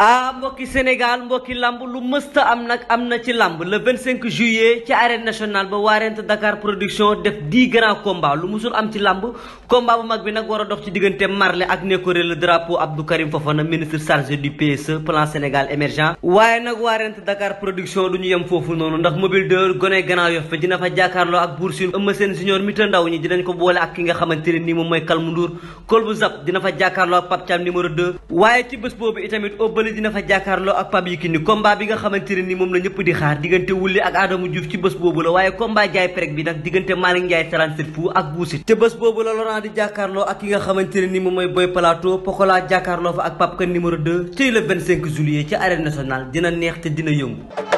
am mbokki Sénégal mbokki lamb lu mësta am nag am na ci lamb le 25 juillet ci arène nationale ba waarent Dakar production def 10 grands combats lu musul am ci lamb combat bu mag bi nag war a dox ci diggante Marley ak Nékoré le drapeau Abdou Karim ministre chargé du PSE plan Sénégal émergent waaye nag waarent Dakar production du ñu yem foofu noonu ndax mobile de gone Grand Yoff dina fa jàkkaarloo ak Bour Sine Eumeu Sène Junior mi ta ndaw ñi dinañ ko boole ak jàkkaarloo ak Pape Yékini combat bi nga xamante ne ni moom la ñëpp di xaar diggante Wouly ak Adama Diouf ci bés boobu la waaye combat jaay prek bi nag diggante Malick Ndiaye 37 fu ak buusit te bés boobu la Laurent di jàkkaarloo ak ki nga xamante ne ni moom mooy Boy Plateau Pokola jàkkaarloo fa ak Pape Kane numéro de ci le 25 juillet ci arène nationale dina neex te dina yëngu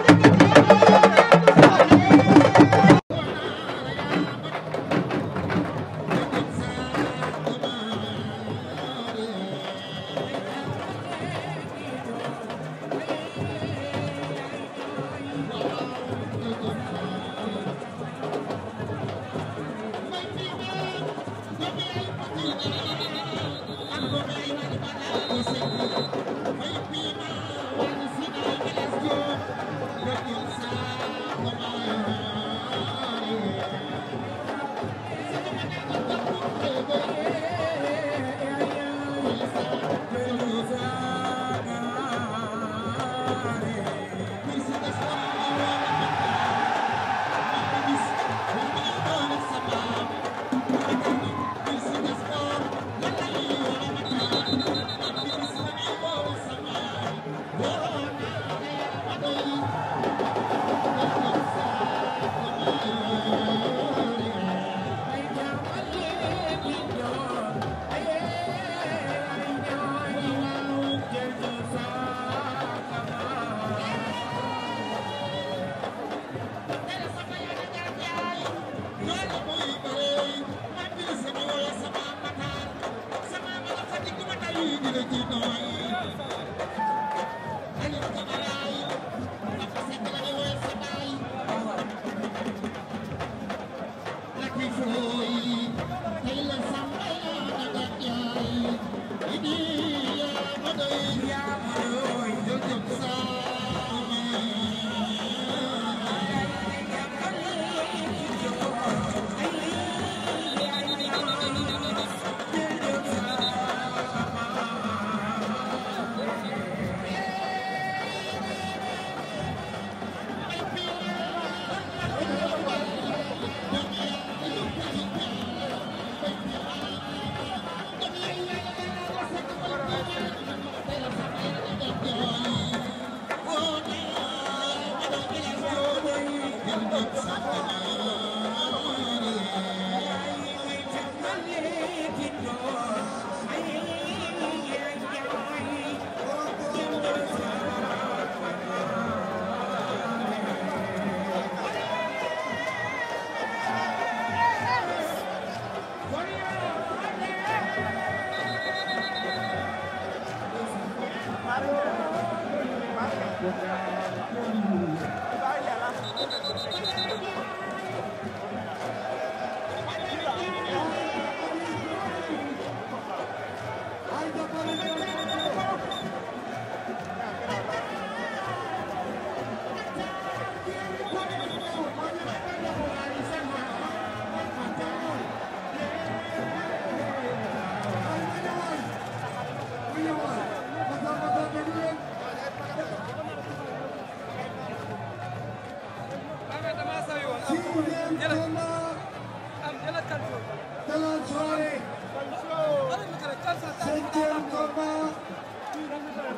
cinquième combat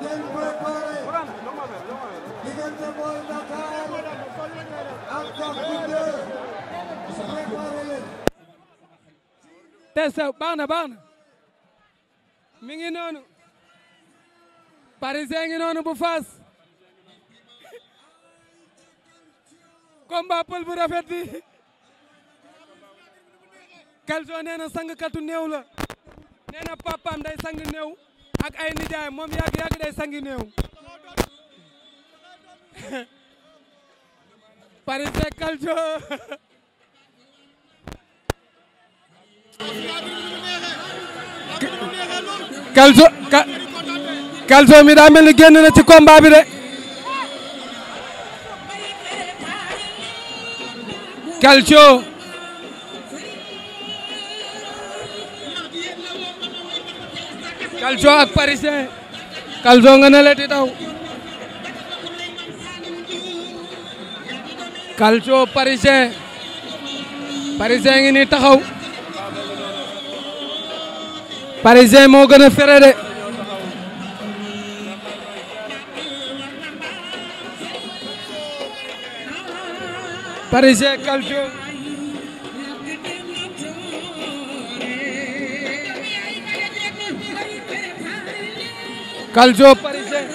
del préparé diggante na baax na mi noonu parisien noonu bu faas combat pël bu rafet bi kalso nee na sang katu néew la nee na papaam day sang néew ak ay nijaay moom yàgg yàgg day sangi néew Paris Tech Culture Kalso mi daa mel ni génn na ci combat bi de Kalso Calcio ak Parisien Calcio nga ne le di daw Calcio Parisien Parisien ngi ni taxaw Parisien moo gën a fere de Parisien Calcio Kaljo Parisien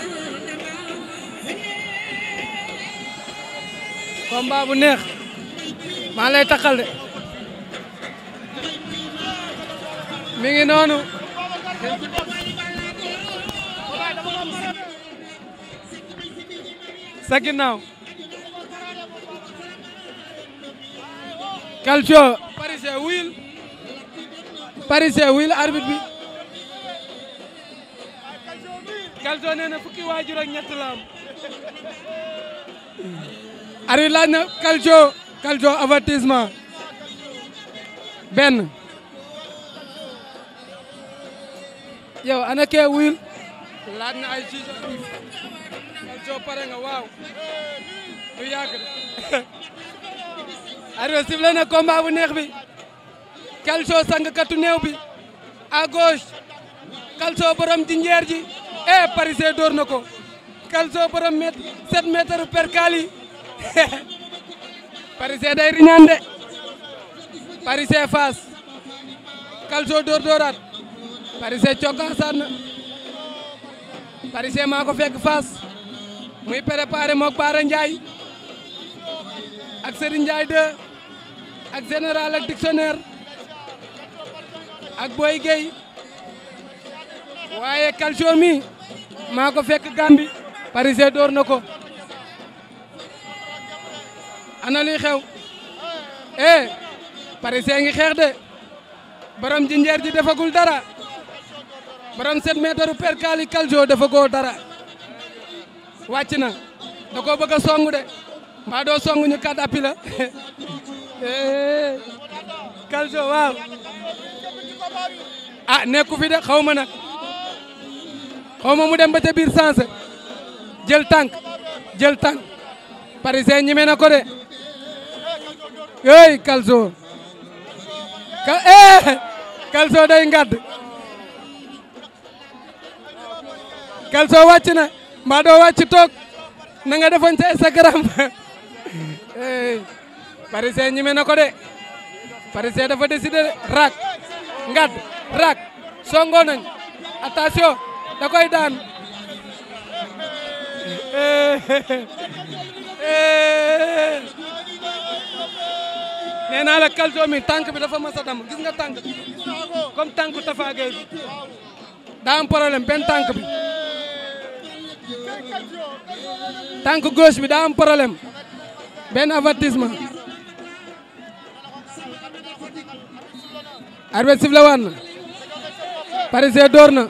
combat bu neex maa lay taxal de ngi noonu sa ginnaaw Kaljo Parisien wuyul Parisien wuyul arbitre Leewtoo nee na fukki waajur ak benn yow ana kee wuyul laaj na ay ci Calcio neex bi Calcio sàngkatu néew bi à gauche Calcio borom jinjeer ji eh Parisien door na ko Calcio borom mètre 7 mètre percali Parisien day riñaan de Parisien Fass Calcio door dooraat Parisien cokkaasaat na Parisien maa fekk Fass muy préparé moog Baara Ndiaye ak Serigne Ndiaye 2 ak général ak dictionnaire ak Boy Gueye waaye Calcio mi maa ko fekk Gàmbi Parisien door na ko ana luy xew eh Parisien ngi xeex de borom jinjeer ji defagul dara borom 7 mètre percali calcio defagoo dara wàcc na da koo bëgg a song de mbaa doo song ñu eh, kàddu waaw ah nekku fi de xaw ma na xaw ma mu dem ba ca biir sens jël tànk jël tànk parisien ñime na ko de ey Calcio ka eh Calcio day ngàdd Calcio wàcc na mbaa doo wàcc toog na nga defoon ca Instagram ey ñime na ko de parisien dafa décider rak ngàdd rak songo nañ attention da koy daan nee naa la Calcio mi tànk bi dafa mas a dam gis nga tànk comme tànku Tapha bi daa am problème benn tànk bi tànk gauche bi daa am problème benn avertissement arbitre siflé waat na Parisien door na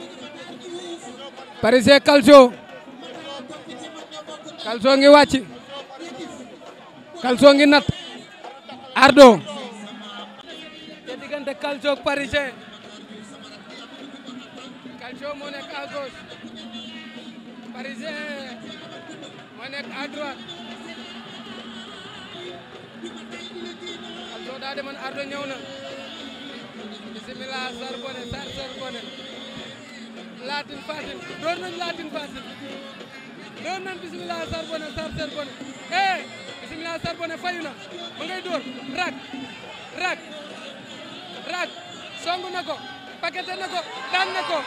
Parisien Calcio Calcio ngi wàcc Calcio ngi nat Ardo te diggante Calcio ak Parisien Calcio moo nekk à gauche Parisien moo Ardo ñëw na bismillah Sar laatin fatin door nañ laatin fatin door nañ bisimilah sarbone sar sarbone eh bisimilah sarbone fayu na ma door rak rak rak songu na ko pakete na ko daan na ko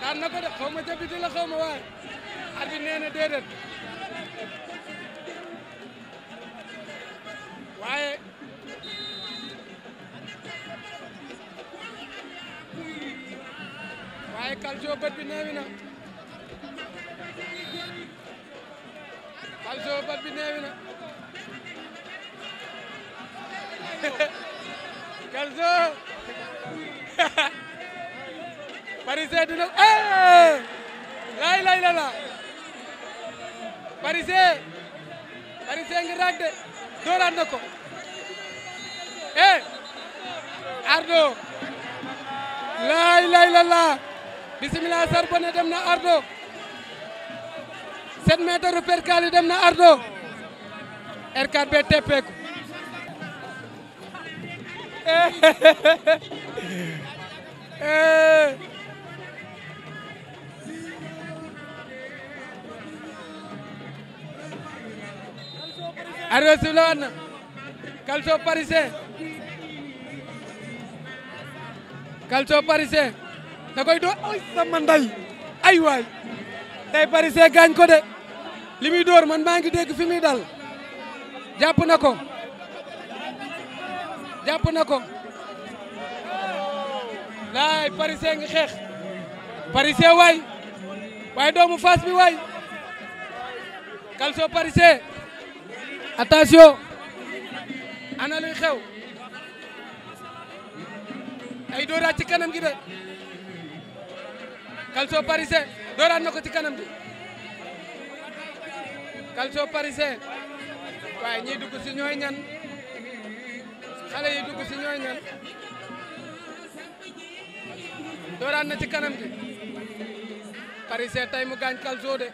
daan na ko de xaw ma ca biti ar bi nee na waaye Calcio bët bi neewi na Calcio bët bi neewi na Calcio Parisien dina eh lay lay la la Parisien Parisien ngi rag de dooraat na ko eh Ardo lay lay la bisimilah Sarbonne dem na Ardo 7 mètres percale dem na Ardo R4 be teppeeku ardo si la na da koy door ay sama nday ay waay day bari gaañ ko de li muy door man maa ngi dégg fi muy dal jàpp na ko jàpp na ko laay parisien ngi xeex parisien waay waaye doomu faas bi waay calcio parisien attention ana luy xew ay dooraat ci kanam gi de Calcio Parisien dooraat na ko ci kanam bi Calcio Parisien waaye ñiy dugg si ñooy ñan xale yi dugg si ñooy ñan dooraat na ci kanam bi Parisien tey mu gaañ Calcio de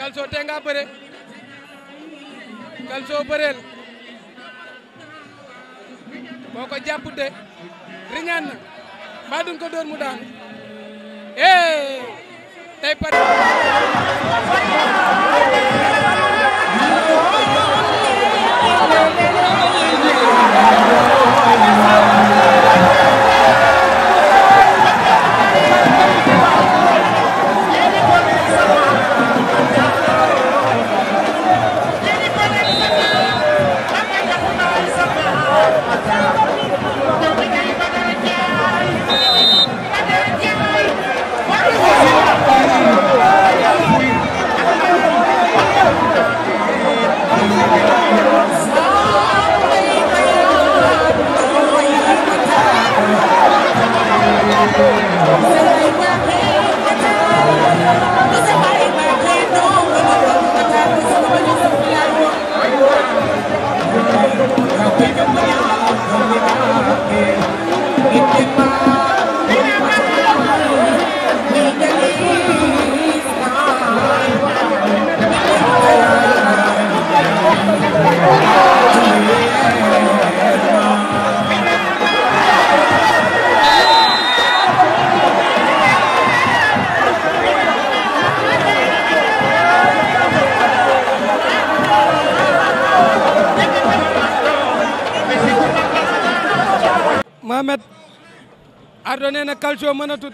Calcio tey bëre Calcio bëreel boo ko jàpp de riñaan na mbaa duñ tey pare Mohamed Ardo nee na Calcio mën a tut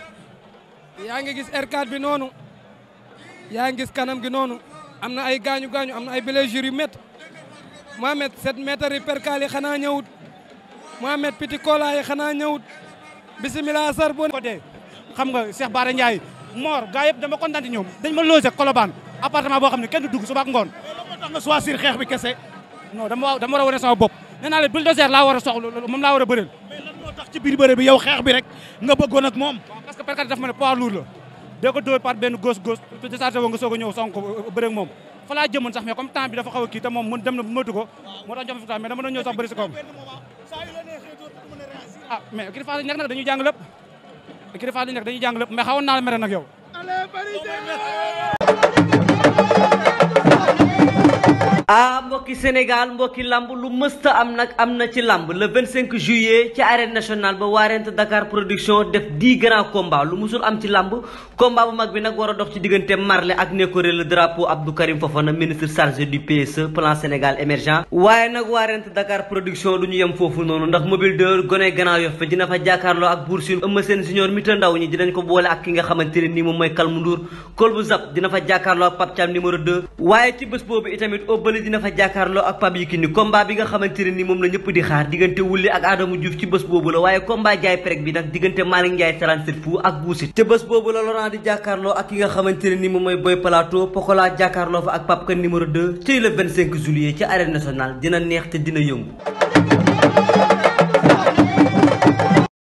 yaa ngi gis R4 bi noonu yaa ngi gis kanam gi noonu am na ay gaañu gaañu am na ay blessures yu métti Mohamed 7 mètres yi percal yi xanaa ñëwut Mohamed Petit Cola yi xanaa ñëwut bisimilah sar bo côté xam nga Cheikh Bara Ndiaye Mor gaa yëpp dama kontaan ñoom dañ ma logé Colobane appartement boo xam ne kenn du dugg suba ak ngoon tax nga xeex bi kese non dama dama war a wane sama bopp nee naa la bulldozer laa war a soxla moom laa war a ci biir bëre bi yow xeex bi rek nga bëggoon moom. parce que Perkata daf ma ne poids lourd la. dee ko par benn gos gos te déchargé woo nga soog a ñëw song ko euh, moom fa laa sax mais comme temps bi dafa xaw a te moom mën dem na mënatu ko moo tax jox ma mais dama doon ñëw sax bëri si koom. ah mais kii yow. ah mbokki Sénégal mbokki lamb lu mësta am nag am na ci lamb le 25 juillet ci arène nationale ba waarent Dakar production def 10 grands combats lu musul am ci lamb combat bu mag bi nag war a dox ci diggante Marley ak Nékoré le drapeau Abdou Karim Fofana ministre chargé du PSE plan Sénégal émergent waaye nag waarent Dakar production du ñu yem foofu noonu ndax mobile de gone Grand Yoff dina fa jàkkaarloo ak Bour Sine Eumeu Sène Junior ndaw ñi ko boole ak ki nga xamante ne nii moom mooy Kalmu dina fa jàkkaarloo ak Pape Thiam ne dina fa jàkkaarloo ak Pape Yékini combat bi nga xamante ne ni moom la ñëpp di xaar diggante wulli ak Adama Diouf ci bés boobu la waaye combat jaay prek bi nag diggante Malick Ndiaye 37 fu ak buusit te bés boobu la Laurent di jàkkaarloo ak ki nga xamante ne ni moom mooy Boy Plateau Pokola jàkkaarloo fa ak Pape Kane numéro 2 ci le 25 juillet ci arène nationale dina neex te dina yëngu